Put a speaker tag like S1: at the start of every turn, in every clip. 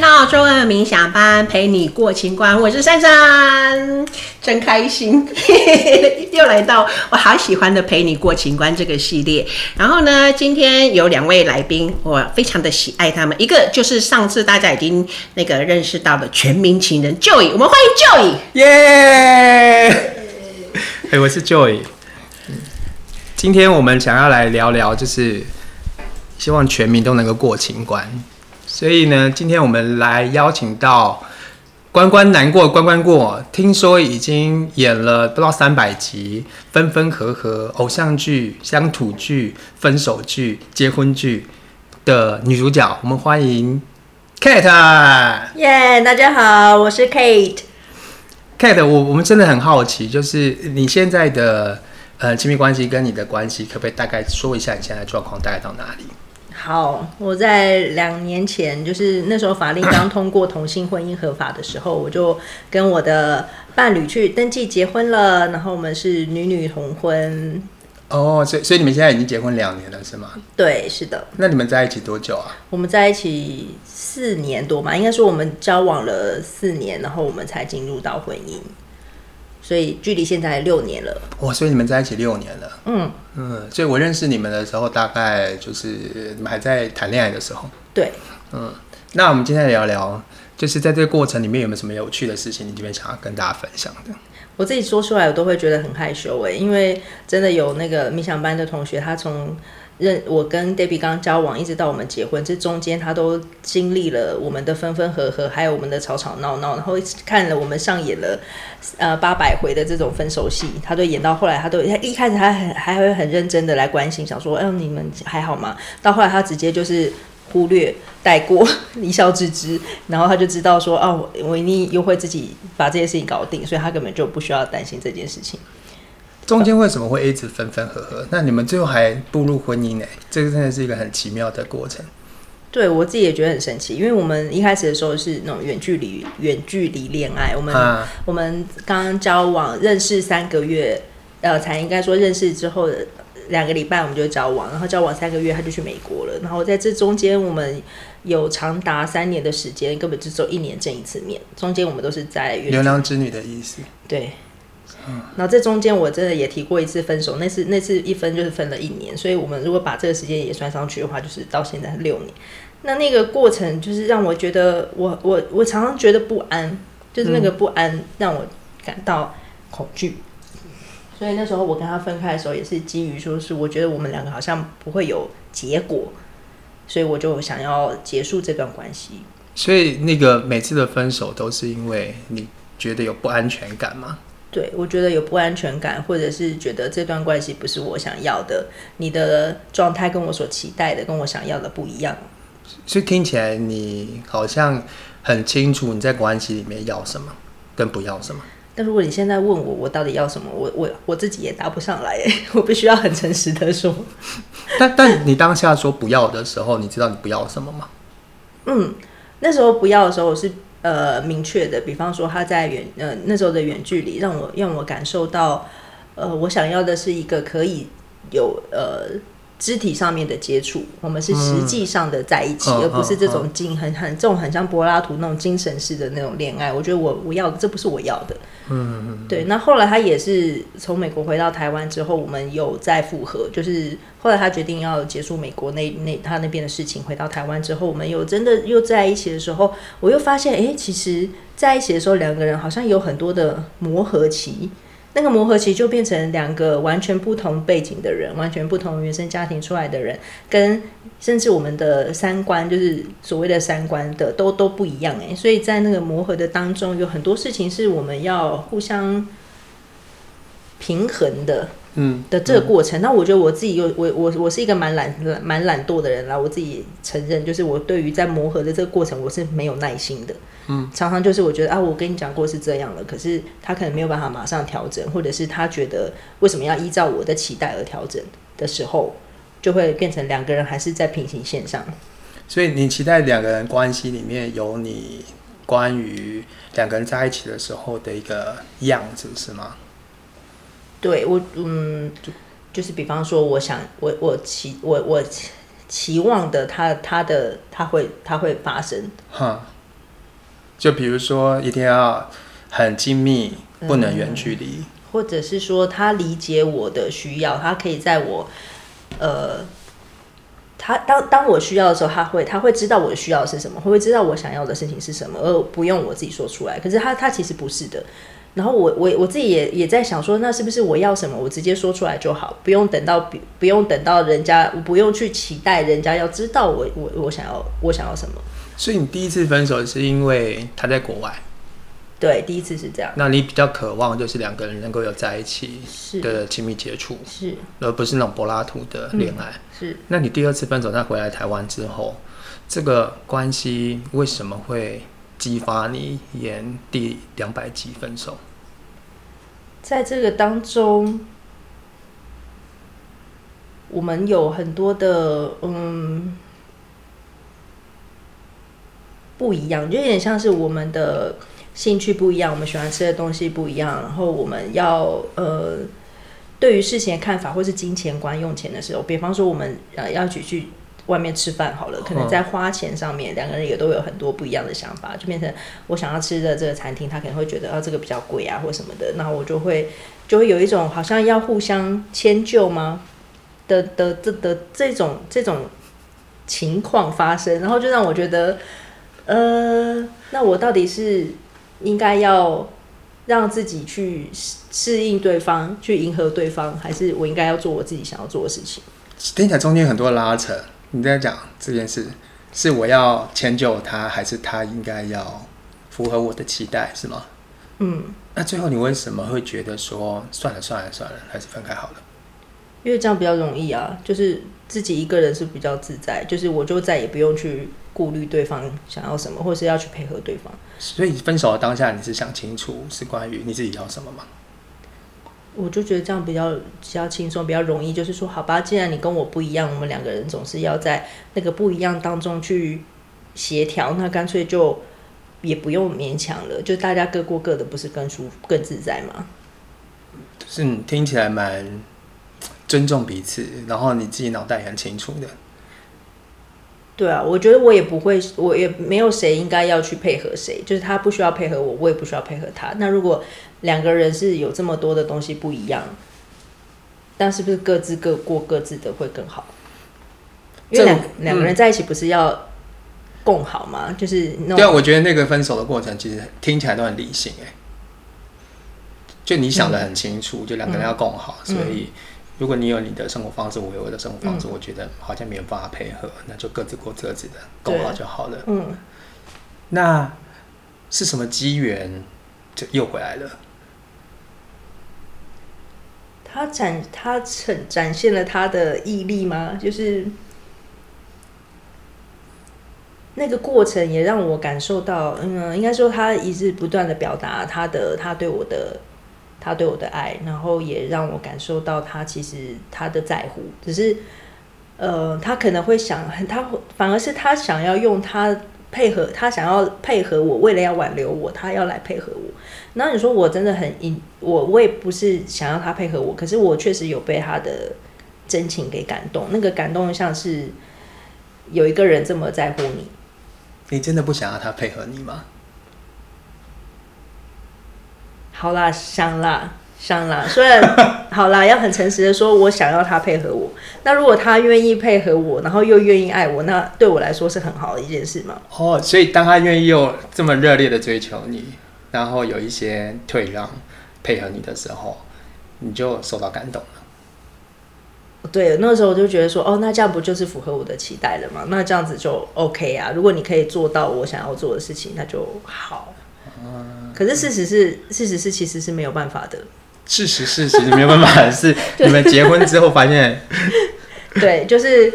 S1: 週二冥想班，陪你過情關。我是珊珊，真開心， 又來到我好喜歡的“陪你過情關”這個系列。然後呢，今天有兩位來賓，我非常的喜愛他們。一個就是上次大家已經那個認識到的全民情人 Joey，我們歡迎 Joey。
S2: 耶！哎，我是 Joey、嗯。今天我們想要來聊聊，就是希望全民都能夠過情關。所以呢，今天我們來邀請到《關關難過關關過》，聽說已經演了不到三百集，分分合合，偶像劇、鄉土劇、分手劇、結婚劇的女主角，我們歡迎 Kate。
S1: 耶，yeah, 大家好，
S2: 我是 Kate。Kate，我我們真的很好奇，就是你現在的呃親密關係跟你的關係，可不可以大概說一下你現在狀況大概到哪裡？
S1: 好，我在兩年前，就是那時候法令剛通過同性婚姻合法的時候， 我就跟我的伴侶去登記結婚了。然後我們是女女同婚。
S2: 哦，所以所以你們現在已經結婚兩年了，是嗎？對，是的。那你們在一起多久啊？
S1: 我們在一起四年多嘛，應該是我們交往了四年，然後我們才進入到婚姻。所以距離現在六年了，
S2: 哇、哦！所以你們在一起六年了，嗯嗯，所以我認識你們的時候，大概就是你們還在談戀愛的時候，對，嗯。那我們今天聊聊，就是在這個過程裡面有沒有什麼有趣的事情，你這邊想要跟大家分享的？
S1: 我自己說出來，我都會覺得很害羞哎、欸，因為真的有那個冥想班的同學，他從認我跟 Debbie 剛交往，一直到我們結婚，這中間他都經歷了我們的分分合合，還有我們的吵吵鬧鬧，然後一直看了我們上演了呃八百回的這種分手戲，他都演到後來他，他都一開始他很還會很認真的來關心，想說，嗯、呃，你們還好嗎？到後來他直接就是忽略帶過，一笑置之，然後他就知道說，哦，我一定又會自己把這些事情搞定，所以他根本就不需要擔心這件事情。
S2: 中間為什麼會一直分分合合？啊、那你們最後還步入婚姻呢？欸？這個真的是一個很奇妙的過程。
S1: 對，我自己也覺得很神奇，因為我們一開始的時候是那種遠距離、遠距離戀愛。我們、啊、我們剛交往認識三個月，呃，才應該說認識之後兩個禮拜我們就交往，然後交往三個月他就去美國了。然後在這中間，我們有長達三年的時間，根本就只有一年見一次面。中間我們都是在牛郎
S2: 織女的意思，對。嗯，然
S1: 後這中間我真的也提過一次分手，那次那次一分就是分了一年，所以我們如果把這個時間也算上去的話，就是到現在六年。那那個過程就是讓我覺得我我我常常覺得不安，就是那個不安讓我感到恐懼。嗯。所以那時候我跟他分開的時候，也是基於說是我覺得我們兩個好像不會有結果，所以我就想要結束這段關係。
S2: 所以那個每次的分手都是因為你覺得有不安全感嗎？
S1: 對，我覺得有不安全感，或者是覺得這段關係不是我想要的。你的狀態跟我所期待的，跟我想要
S2: 的不一樣。所以聽起來你好像很清楚你在關係裡面要什麼，跟不要什麼。
S1: 但如果你現在問我，我到底要什麼？我我我自己也答不上來。我必須要很誠實地說。
S2: 但但你當下說不要的時候，你知道你不要什麼嗎？ 嗯，
S1: 那時候不要的時候，我是。呃，明確的，比方說他在遠，呃，那時候的遠距離，讓我讓我感受到，呃，我想要的是一個可以有，呃，肢體上面的接觸，我們是實際上的在一起，嗯、而不是這種很很很這種很像柏拉圖那種精神式的那種戀愛。我覺得我我要的，這不是我要的。嗯嗯嗯。對，那後來他也是從美國回到台灣之後，我們有再復合。就是後來他決定要結束美國那那他那邊的事情，回到台灣之後，我們有真的又在一起的時候，我又發現，誒、欸，其實在一起的時候，兩個人好像有很多的磨合期。那個磨合其實就變成兩個完全不同背景的人，完全不同原生家庭出來的人，跟甚至我們的三觀，就是所謂的三觀的，都都不一樣誒、欸，所以在那個磨合的當中，有很多事情是我們要互相平衡的。嗯的這個過程，嗯、那我覺得我自己又我我我是一個蠻懶懶蠻懶惰的人啦，我自己承認，就是我對於在磨合的這個過程我是沒有耐心的。嗯，常常就是我覺得啊，我跟你講過是這樣了，可是他可能沒有辦法馬上調整，或者是他覺得為什麼要依照我的期待而調整的時候，就會變成兩個人還是在平行線
S2: 上。所以你期待兩個人關係裡面有你關於兩個人在一起的時候的一個樣子是嗎？對我，
S1: 嗯，就是比方說，我想，我我期我我期望的，他他的他會他會發生，
S2: 哼、嗯，就比如說，一定要很精密，不能遠距離、嗯，
S1: 或者是說，他理解我的需要，他可以在我呃，他當當我需要的時候，他會他會知道我的需要是什麼，會會知道我想要的事情是什麼，而不用我自己說出來。可是他他其實不是的。然後我我我自己也也在想說，那是不是我要什麼，我直接說出來就好，不用等到不不用等到人家，我不用去期待人家要知道我我我想要我想要什麼。
S2: 所以你第一次分手是因為他在國外，
S1: 對？第一次是這樣。
S2: 那你比較渴望就是兩個人能夠有在一起是的親密接觸，是，而不是那種柏拉圖的戀愛。嗯，是。那你第二次分手，他回來台灣之後，這個關係為什麼會？激發你演第兩百集分手。
S1: 在這個當中，我們有很多的嗯不一樣，就有點像是我們的興趣不一樣，我們喜歡吃的東西不一樣，然後我們要呃對於事情的看法或是金錢觀用錢的時候，比方說我們呃要舉去。外面吃飯好了，可能在花錢上面，嗯、兩個人也都有很多不一樣的想法，就變成我想要吃的這個餐廳，他可能會覺得啊，這個比較貴啊，或什麼的，那我就會就會有一種好像要互相遷就嗎的的這的，的這種這種情況發生，然後就讓我覺得，呃，那我到底是應該要讓自己去適應對方，去迎合對方，還是我應該要做我自己想要做的事情？
S2: 聽起來中間很多拉扯。你在講這件事，是我要遷就他，還是他應該要符合我的期待，是嗎？嗯，那最後你為什麼會覺得說算了算了算了，還是分開好了？
S1: 因為這樣比較容易啊，就是自己一個人是比較自在，就是我就再也不用去顧慮對方想要什麼，或是要去配合對方。
S2: 所以分手的當下，你是想清楚是關於你自己要什麼嗎？
S1: 我就覺得這樣比較比較輕鬆，比較容易。就是說，好吧，既然你跟我不一樣，我們兩個人總是要在那個不一樣當中去協調，那乾脆就也不用勉強了，就大家各過各的，不是更舒服更自在嗎？
S2: 就是你聽起來蠻尊重彼此，然後你自己腦袋很清楚的。
S1: 對啊，我覺得我也不會，我也沒有誰應該要去配合誰，就是他不需要配合我，我也不需要配合他。那如果兩個人是有這麼多的東西不一樣，那是不是各自各過各自的會更好？這因為兩、嗯、兩個人在一起不是要共好嗎？就是對啊，我
S2: 覺得那個分手的過程其實聽起來都很理性哎、欸，就你想得很清楚，嗯、就兩個人要共好，嗯、所以。嗯如果你有你的生活方式，我有我的生活方式，嗯、我覺得好像沒有辦法配合，嗯、那就各自過各自的，對夠好就好了。嗯，那是什麼機緣，就又回來了？
S1: 他展他呈展現了他的毅力嗎？就是那個過程也讓我感受到，嗯，應該說他一直不斷地表達他的他對我的。他對我的愛，然後也讓我感受到他其實他的在乎，只是，呃，他可能會想，他反而是他想要用他配合，他想要配合我，為了要挽留我，他要來配合我。那你說我真的很，我我也不是想要他配合我，可是我確實有被他的真情給感動。那個感動像是有一個人這麼在乎你，
S2: 你真的不想要他配合你嗎？
S1: 好啦，想啦，想啦。雖然 好啦，要很誠實的說，我想要他配合我。那如果他願意配合我，然後又願意愛我，那對我來說是很好的一件事嗎？
S2: 哦，所以當他願意又這麼熱烈的追求你，然後有一些退讓配合你的時候，你就受到感動
S1: 了。對，那個時候我就覺得說，哦，那這樣不就是符合我的期待了嗎？那這樣子就 OK 啊。如果你可以做到我想要做的事情，那就好。可是事實是，事實是，其實是沒有辦法的。事
S2: 實，事實是其實沒有辦法， 是你們結婚之後發現，
S1: 對，就是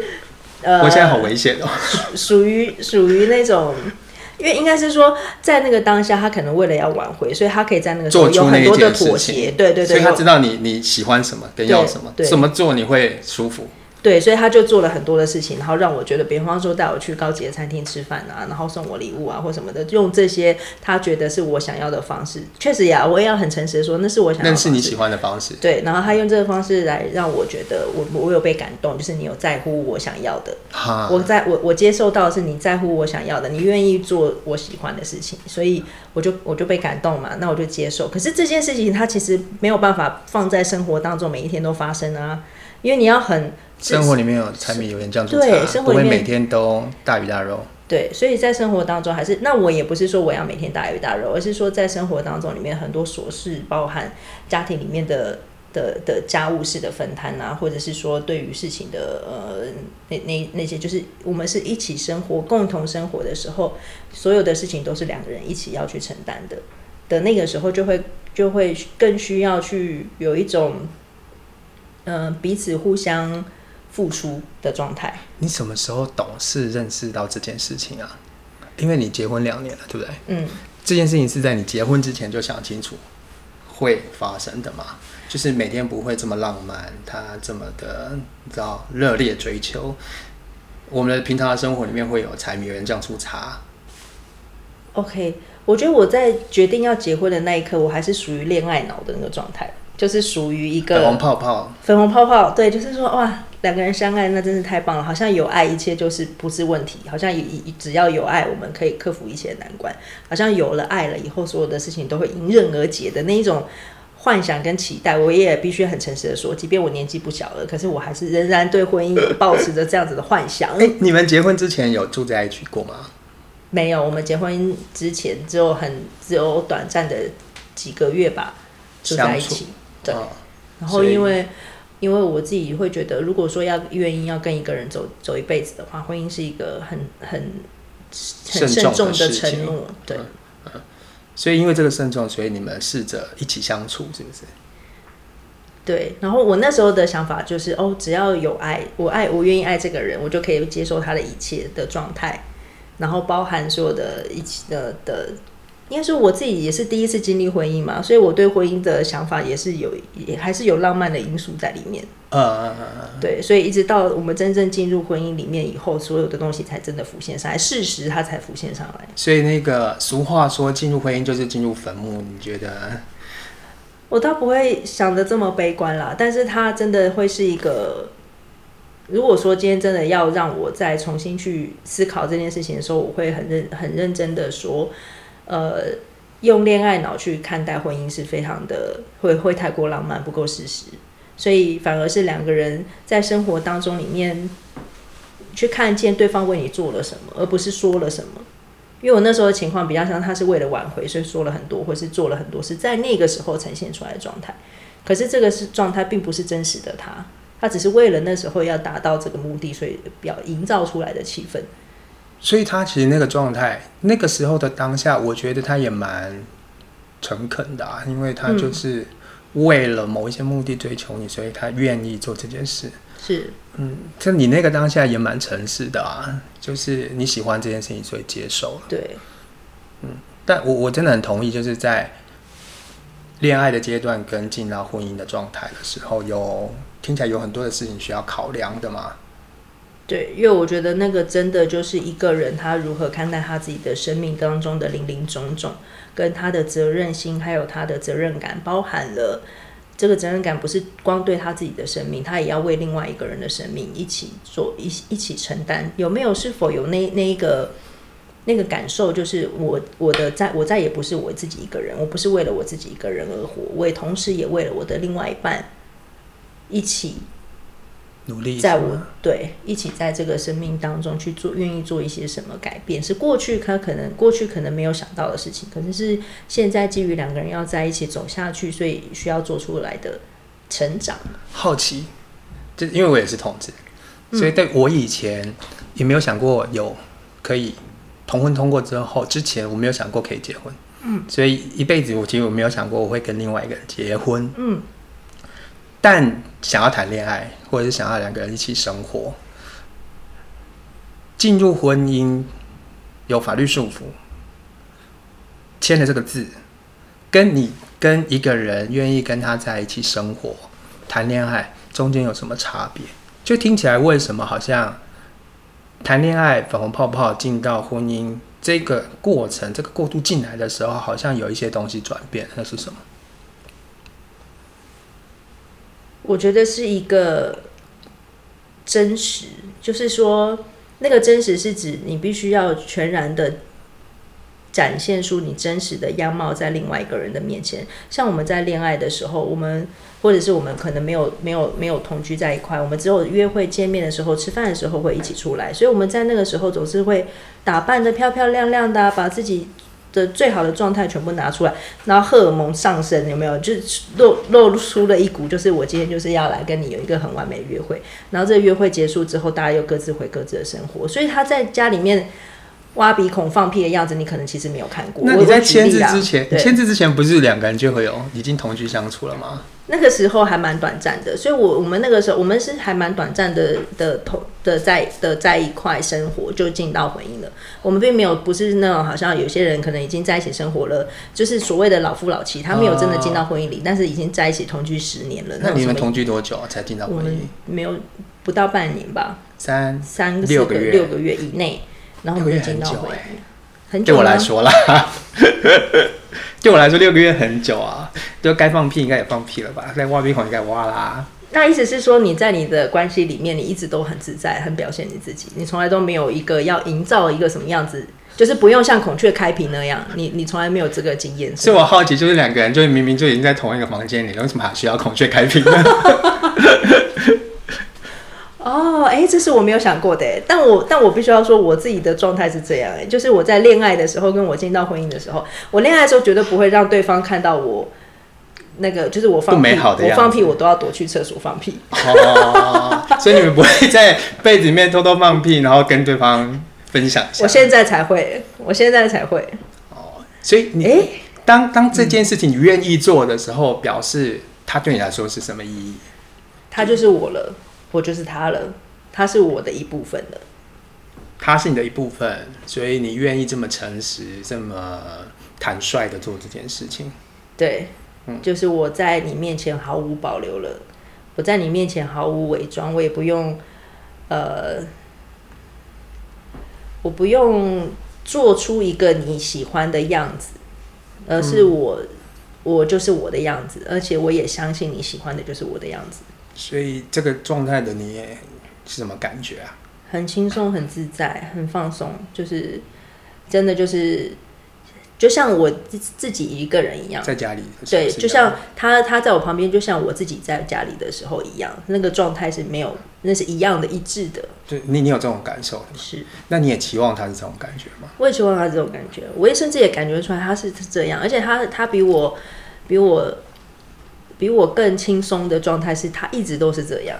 S1: 呃，我現在好危險哦，屬於屬於那種，因為應該是說，在那個當下，他可能為了要挽回，所以他可以在那個做出很多的妥協，對對對，所以他知
S2: 道你你喜歡什麼跟要什麼，對，怎麼做你會舒服。
S1: 對，所以他就做了很多的事情，然後讓我覺得，比方說帶我去高級的餐廳吃飯啊，然後送我禮物啊或什麼的，用這些他覺得是我想要的方式。確實呀，我也要很誠實的說，那是我想要的方式，那是你喜
S2: 歡的方式。對，
S1: 然後他用這個方式來讓我覺得我，我我有被感動，就是你有在乎我想要的。哈我在我我接受到的是你在乎我想要的，你願意做我喜歡的事情，所以我就我就被感動嘛，那我就接受。可是這件事情，他其實沒有辦法放在生活當中每一天都發生啊。因為你要很生活裡
S2: 面有柴米油鹽醬醋茶，對，生活裡面不會每天都大魚大肉。
S1: 對，所以在生活當中還是那我也不是說我要每天大魚大肉，而是說在生活當中裡面很多瑣事，包含家庭裡面的的的的家務事的分攤啊，或者是說對於事情的呃那那那些，就是我們是一起生活、共同生活的時候，所有的事情都是兩個人一起要去承擔的的那個時候，就會就會更需要去有一種。嗯、呃，彼此互相付出
S2: 的狀態。你什麼時候懂事認識到這件事情啊？因為你結婚兩年了，對不對？
S1: 嗯，
S2: 這件事情是在你結婚之前就想清楚會發生的嘛？就是每天不會這麼浪漫，他這麼的，你知道，熱烈追求。我們的平常的生活裡面會有柴米油鹽醬醋茶。
S1: OK，我覺得我在決定要結婚的那一刻，我還是屬於戀愛腦的那個狀態。就是屬於一
S2: 個粉紅泡泡、
S1: 粉紅泡泡，對，就是說哇，兩個人相愛那真是太棒了，好像有愛，一切就是不是問題，好像有，只要有愛，我們可以克服一切難關，好像有了愛了以後，所有的事情都會迎刃而解的那一種幻想跟期待。我也必須很誠實的說，即便我年紀不小了，可是我還是仍然對婚姻保持着這樣子的幻想。
S2: 哎，你們結婚之前有住在一起過嗎？
S1: 沒有，我們結婚之前只有很、只有短暫的幾個月吧，住在一起。
S2: 對，然後因為、
S1: 哦、因為我自己會覺得，如果說要願意要跟一個人走走一輩子的話，婚姻是一個很很很慎重的承諾。對、
S2: 嗯嗯，所以因為這個慎重，所以你們試着一起相處，是不是？
S1: 對，然後我那時候的想法就是，哦，只要有愛，我愛我願意愛這個人，我就可以接受他的一切的狀態，然後包含所有的一起的的。的的因為是我自己也是第一次經歷婚姻嘛，所以我對婚姻的想法也是有也還是有浪漫的因素在裡面。呃、uh，
S2: 對，所以一直到
S1: 我們真正進入婚姻裡面以後，所有的東西才真的浮現上來，事實它才浮現上來。
S2: 所以那個俗話說，進入婚姻就是進入墳墓，你覺得？
S1: 我倒不會想得這麼悲觀啦，但是它真的會是一個。如果說今天真的要讓我再重新去思考這件事情的時候，我會很認很認真的說。呃，用戀愛腦去看待婚姻是非常的，會會太過浪漫，不夠事實。所以反而是兩個人在生活當中裡面去看見對方為你做了什麼，而不是說了什麼。因為我那時候的情況比較像，他是為了挽回，所以說了很多，或是做了很多事，在那個時候呈現出來的狀態。可是這個是狀態，並不是真實的他，他只是為了那時候要達到這個目的，所以表營造出來的氣氛。
S2: 所以他其實那個狀態，那個時候的當下，我覺得他也蠻誠懇的啊，因為他就是為了某一些目的追求你，所以他願意做這件事。是，嗯，就你那個當下也蠻誠實的啊，就是你喜歡這件事情，所以接受了。對，嗯，但我我真的很同意，就是在戀愛的階段跟進到婚姻的狀態的時候有，有聽起來有很多的事情需要考量的嘛。對，因為我覺得那個真的
S1: 就是一個人，他如何看待他自己的生命當中的零零種種，跟他的責任心，還有他的責任感，包含了這個責任感，不是光對他自己的生命，他也要為另外一個人的生命一起做一一起承擔。有沒有？是否有那那一個那個感受？就是我我的在我再也不是我自己一個人，我不是為了我自己一個人而活，我也同時也為了我的另外一半一起努力，在我對一起在這個生命當中去做，願意做一些什麼改變，是過去他可能過去可能沒有想到的事情，可能是，是現在基於兩個人要在一起走下去，所以需要做出來的成長。
S2: 好奇，就因為我也是同志，對所以對我以前也沒有想過有可以同婚通過之後，之前我沒有想過可以結婚，嗯，所以一輩子我其實我沒有想過我會跟另外一個人結婚，嗯。但想要談戀愛，或者是想要兩個人一起生活，進入婚姻有法律束縛，簽了這個字，跟你跟一個人願意跟他在一起生活、談戀愛，中間有什麼差別？就聽起來，為什麼好像談戀愛粉紅泡泡進到婚姻這個過程，這個過渡進來的時候，好像有一些東西轉變，那是什麼？
S1: 我覺得是一個真實，就是說，那個真實是指你必須要全然的展現出你真實的樣貌在另外一個人的面前。像我們在戀愛的時候，我們或者是我們可能沒有沒有沒有同居在一塊，我們只有約會見面的時候、吃飯的時候會一起出來，所以我們在那個時候總是會打扮得漂漂亮亮的、啊，把自己，最好的狀態全部拿出來，然後荷爾蒙上升，有沒有？就露露出了一股，就是我今天就是要來跟你有一個很完美的約會。然後這個約會結束之後，大家又各自回各自的生活。所以他在家裡面。挖鼻孔放屁的樣子，你可能其實沒有看過。那你在簽字、啊、之前，簽字對
S2: 之前不是兩個人就會有已經同居相處了嗎？
S1: 那個時候還蠻短暫的，所以我我們那個時候我們是還蠻短暫的的同的，的在的在一塊生活就進到婚姻了。我們並沒有不是那種好像有些人可能已經在一起生活了，就是所謂的老夫老妻，他沒有真的進到婚姻裡，哦、但是已經在一起同居十年了。那你們同
S2: 居多久、啊、才進到
S1: 婚姻？沒有不到半年吧，三三四個六個月六個月以內。然後六個月很久欸，對我來說
S2: 啦， 對我來說六個月很久啊，就該放屁應該也放屁了吧，該挖鼻孔應該挖啦。
S1: 那意思是說你在你的關係裡面，你一直都很自在，很表現你自己，你從來都沒有一個要營造一個什麼樣子，就是不用像孔雀開屏那樣，你你從來沒有這個經驗。所以，
S2: 所以我好奇，就是兩個人，就是明明就已經在同一個房間裡，為什麼還需要孔雀開屏呢？
S1: 哦，哎，這是我沒有想過的，但我但我必須要說，我自己的狀態是這樣，哎，就是我在戀愛的時候，跟我進到婚姻的時候，我戀愛的時候絕對不會讓對方看到我那個，就是我放屁，不美好的樣子，我放屁，我都要躲去廁所放屁。
S2: 哦，哦，哦，哦， 所以你們不會在被子裡面偷偷放屁，然後跟對方分享一
S1: 下？我現在才會，我現在才會。
S2: 哦，所以你，哎誒，當當這件事情你願意做的時候，表示他對你來說是什麼意義？
S1: 他就是我了。我就是他了，他是我的一部分了。
S2: 他是你的一部分，所以你願意這麼誠實、這麼坦率地做這件事情？
S1: 對，嗯，就是我在你面前毫無保留了，我在你面前毫無偽裝，我也不用呃，我不用做出一個你喜歡的樣子，而是我，嗯，我就是我的樣子，而且我也相信你喜歡的就是我的樣子。
S2: 所以這個狀態的你也是什麼感覺啊？
S1: 很輕鬆，很自在，很放鬆，就是真的就是，就像我自自己一個人一樣，在家裡。對，就像他他在我旁邊，就像我自己在家裡的時候一樣，那個狀態是沒有，那是一樣的，一致的。
S2: 就你你有這種感受是？那你也期望他是這種感覺嗎？
S1: 我也期望他是這種感覺，我也甚至也感覺出來他是這樣，而且他他比我比我。比我更輕鬆的狀態是他一直都是這樣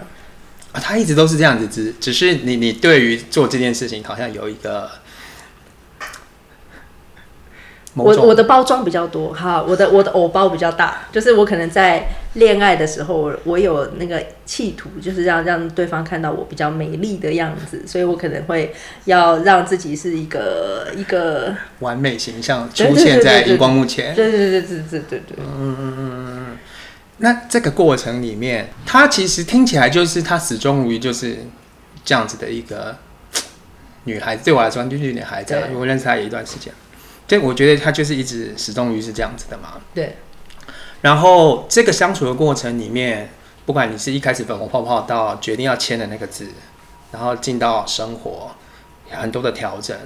S2: 啊，他一直都是這樣子，只只是你你對於做這件事情好像有一個，我我的
S1: 包裝比較多哈，我的我的偶包比較大，就是我可能在戀愛的時候，我有那個企圖，就是要讓對方看到我比較美麗的樣子，所以我可能會要讓自己是一個一個
S2: 完美形象出現在對對對對對螢光幕前，對對，對對對對對對對，嗯嗯嗯嗯。那這個過程裡面，他其實聽起來就是他始終於就是這樣子的一個女孩子。對我來說，就是女孩子啊。因為對我認識她有一段時間，這我覺得她就是一直始終於是這樣子的嘛。對。然後這個相處的過程裡面，不管你是一開始粉紅泡泡到決定要簽的那個字，然後進到生活，很多的調整，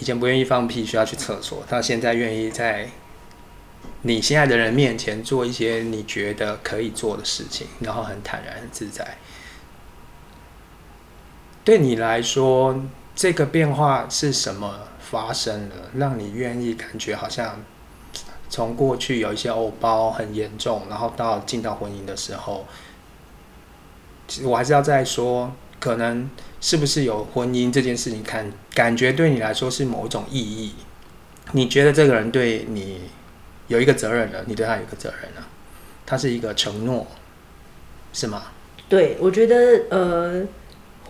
S2: 以前不願意放屁需要去廁所，到現在願意在。你心愛的人面前做一些你覺得可以做的事情，然後很坦然、很自在。對你來說，這個變化是什麼發生了，讓你願意感覺好像從過去有一些偶包很嚴重，然後到進到婚姻的時候，我還是要再說，可能是不是有婚姻這件事情，看，感覺對你來說是某一種意義？你覺得這個人對你？有一個責任了，你對他有一個責任了，他是一個承諾，是嗎？
S1: 對，我覺得，呃，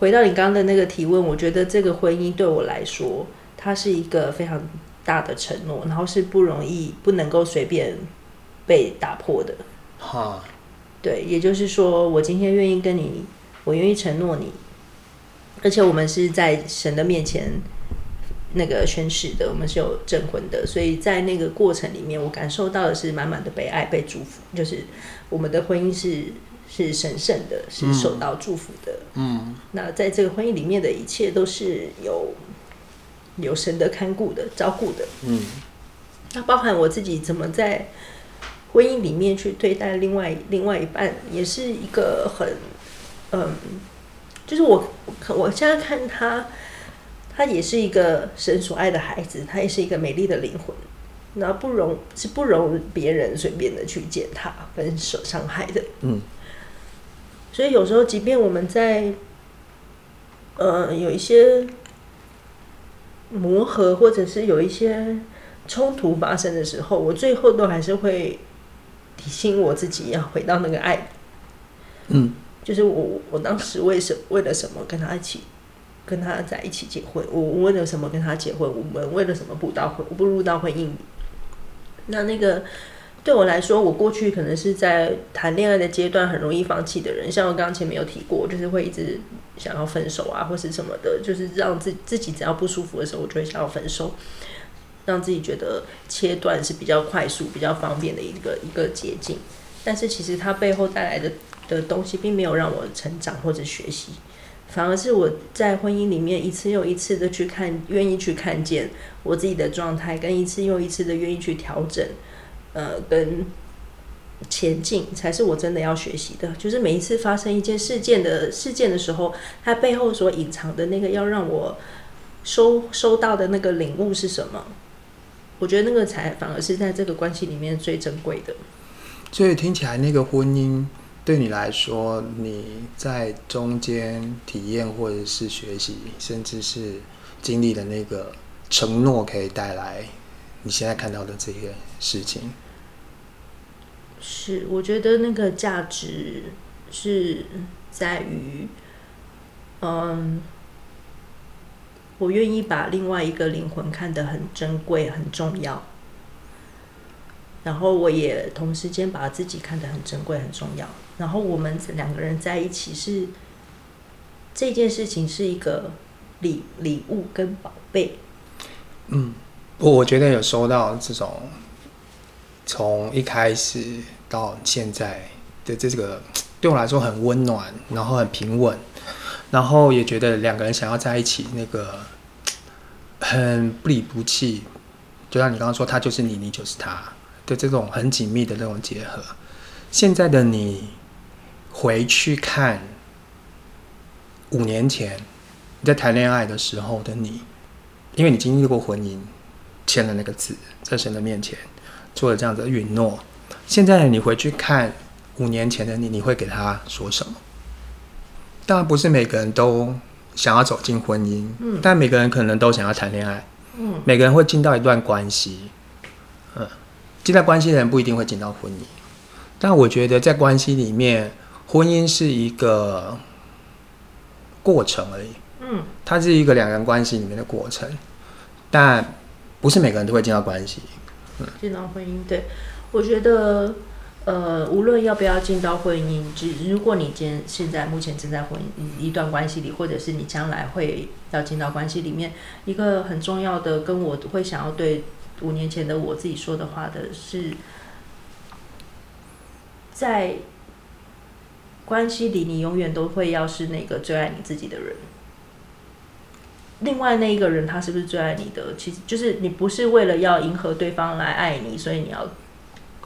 S1: 回到你剛剛的那個提問，我覺得這個婚姻對我來說，它是一個非常大的承諾，然後是不容易、不能夠隨便被打破的。哈，對，也就是說，我今天願意跟你，我願意承諾你，而且我們是在神的面前。那個宣誓的，我們是有證婚的，所以在那個過程裡面，我感受到的是滿滿的被愛、被祝福，就是我們的婚姻是是神聖的，是受到祝福的。嗯，
S2: 嗯，
S1: 那在這個婚姻裡面的一切都是有有神的看顧的、照顧的。
S2: 嗯，
S1: 那包含我自己怎麼在婚姻裡面去對待另外另外一半，也是一個很嗯，就是我我現在看他。他也是一個神所愛的孩子，他也是一個美麗的靈魂，那不容是不容別人隨便的去踐踏跟受傷害的。嗯，所以有時候，即便我們在呃有一些磨合，或者是有一些衝突發生的時候，我最後都還是會提醒我自己要回到那個愛。嗯，就是我我當時為什麼為了什麼跟他一起。跟他在一起結婚，我為了什麼跟他結婚？我們為了什麼步到會，我步入到婚姻？那那個對我來說，我過去可能是在談戀愛的階段很容易放棄的人，像我剛才沒有提過，就是會一直想要分手啊，或是什麼的，就是讓自己自己只要不舒服的時候，我就會想要分手，讓自己覺得切斷是比較快速、比較方便的一個一個捷徑。但是其實它背後帶來的的東西，並沒有讓我成長或者學習。反而是我在婚姻裡面一次又一次的去看，願意去看見我自己的狀態，跟一次又一次的願意去調整，呃，跟前進，才是我真的要學習的。就是每一次發生一件事件的事件的時候，它背後所隱藏的那個要讓我收收到的那個領悟是什麼？我覺得那個才反而是在這個關係裡面最珍貴的。
S2: 所以聽起來，那個婚姻。對你來說，你在中間體驗或者是學習，甚至是經歷的那個承諾，可以帶來你現在看到的這些事情？
S1: 是，我覺得那個價值是在於，嗯，我願意把另外一個靈魂看得很珍貴、很重要。然後我也同時間把自己看得很珍貴、很重要。然後我們兩個人在一起是這件事情是一個禮禮物跟寶貝。
S2: 嗯，我我覺得有收到這種從一開始到現在的這個對我來說很溫暖，然後很平穩，然後也覺得兩個人想要在一起，那個很不離不棄。就像你剛剛說，他就是你，你就是他。對，這種很緊密的那種結合。現在的你回去看五年前你在談戀愛的時候的你，因為你經歷過婚姻，簽了那個字，在神的面前做了這樣的允諾。現在的你回去看五年前的你，你會給他說什麼？當然不是每個人都想要走進婚姻，嗯、但每個人可能都想要談戀愛，嗯、每個人會進到一段關係，嗯。期待關係的人不一定會進到婚姻，但我覺得在關係裡面，婚姻是一個過程而已。嗯，它是一個兩人關係裡面的過程，但不是每個人都會進到關係。嗯，
S1: 進到婚姻，對。我覺得，呃，無論要不要進到婚姻，只如果你今現在目前正在婚姻一段關係裡，或者是你將來會要進到關係裡面，一個很重要的跟我會想要對。五年前的我自己說的話的是，在關係裡，你永遠都會要是那個最愛你自己的人。另外那一個人他是不是最愛你的？其實，就是你不是為了要迎合對方來愛你，所以你要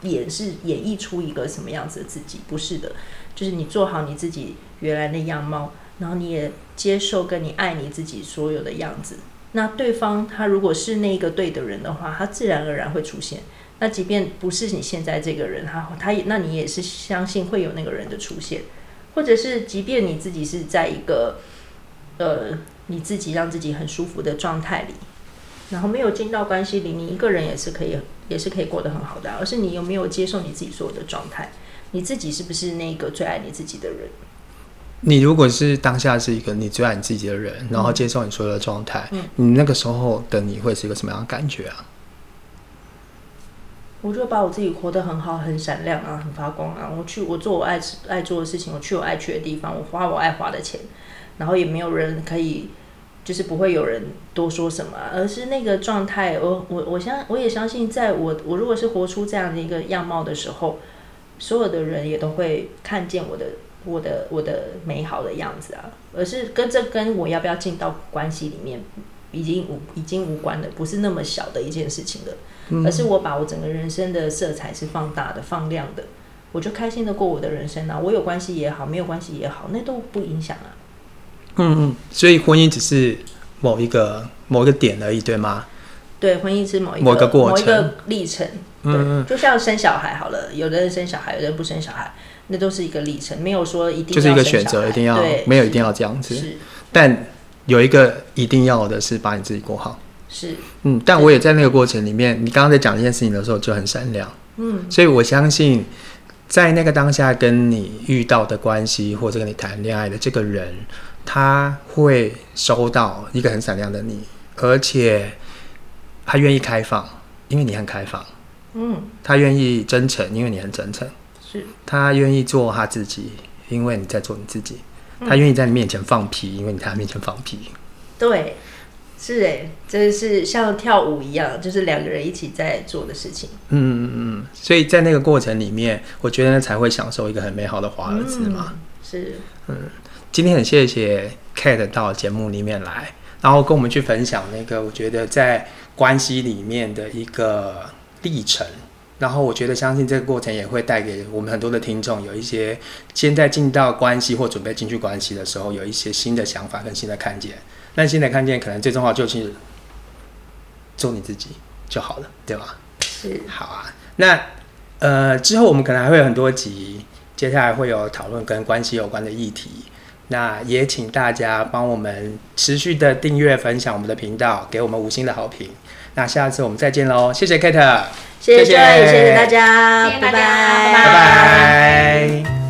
S1: 演示演繹出一個什麼樣子的自己？不是的，就是你做好你自己原來的樣貌，然後你也接受跟你愛你自己所有的樣子。那對方他如果是那個對的人的話，他自然而然會出現。那即便不是你現在這個人，他他也那你也是相信會有那個人的出現，或者是即便你自己是在一個呃你自己讓自己很舒服的狀態裡，然後沒有進到關係裡，你一個人也是可以也是可以過得很好的。而是你有沒有接受你自己所有的狀態，你自己是不是那個最愛你自己的人？
S2: 你如果是當下是一個你最愛你自己的人，然後接受你所有的狀態，嗯嗯、你那個時候的你會是一個什麼樣的感覺啊？
S1: 我就把我自己活得很好，很閃亮啊，很發光啊。我去，我做我愛愛做的事情，我去我愛去的地方，我花我愛花的錢，然後也沒有人可以，就是不會有人多說什麼，而是那個狀態。我我我相我也相信，在我我如果是活出這樣的一個樣貌的時候，所有的人也都會看見我的。我的我的美好的樣子啊，而是跟這跟我要不要進到關係裡面已經無已經無關了，不是那麼小的一件事情了，嗯、而是我把我整個人生的色彩是放大的、放亮的，我就開心的過我的人生啊！我有關係也好，沒有關係也好，那都不影響啊。嗯
S2: 嗯，所以婚姻只是某一個某一個點而已，對嗎？
S1: 對，婚姻是某一個某一個過程、某一個歷程。嗯嗯，就像生小孩好了，有的人生小孩，有的人不生小孩，那都是一個歷程，沒有說一定就是一個選擇，一定要對，沒有
S2: 一定要這樣子。是，是，但有一個一定要的是把你自己過好。
S1: 是，
S2: 嗯，但我也在那個過程裡面，你剛剛在講這件事情的時候就很閃亮，嗯對，所以我相信，在那個當下跟你遇到的關係或者跟你談戀愛的這個人，他會收到一個很閃亮的你，而且他願意開放，因為你很開放。嗯，他願意真誠，因為你很真誠；是，他願意做他自己，因為你在做你自己；嗯、
S1: 他願意在
S2: 你面前放屁，因為你在他面前放屁。
S1: 對，是哎，真的是像跳舞一樣，就是兩個人一起在做的事情。嗯
S2: 嗯嗯，所以在那個過程裡面，我覺得才會享受一個很美好的華爾茲嘛、嗯。是，嗯，今天很謝謝 Kate 到節目裡面來，然後跟我們去分享那個，我覺得在關係裡面的一個。歷程，然後我覺得相信這個過程也會帶給我們很多的聽眾，有一些現在進到關係或準備進去關係的時候有一些新的想法跟新的看見，那新的看見可能最重要就是做你自己就好了，對吧？是，好啊。那呃之後我們可能還會有很多集，接下來會有討論跟關係有關的議題，那也請大家幫我們持續的訂閱、分享我們的頻道，給我們五星的好評。那下次我們再見嘍！謝謝 Kate，謝謝 Joey 謝謝大家，謝謝大家拜拜，拜拜。拜拜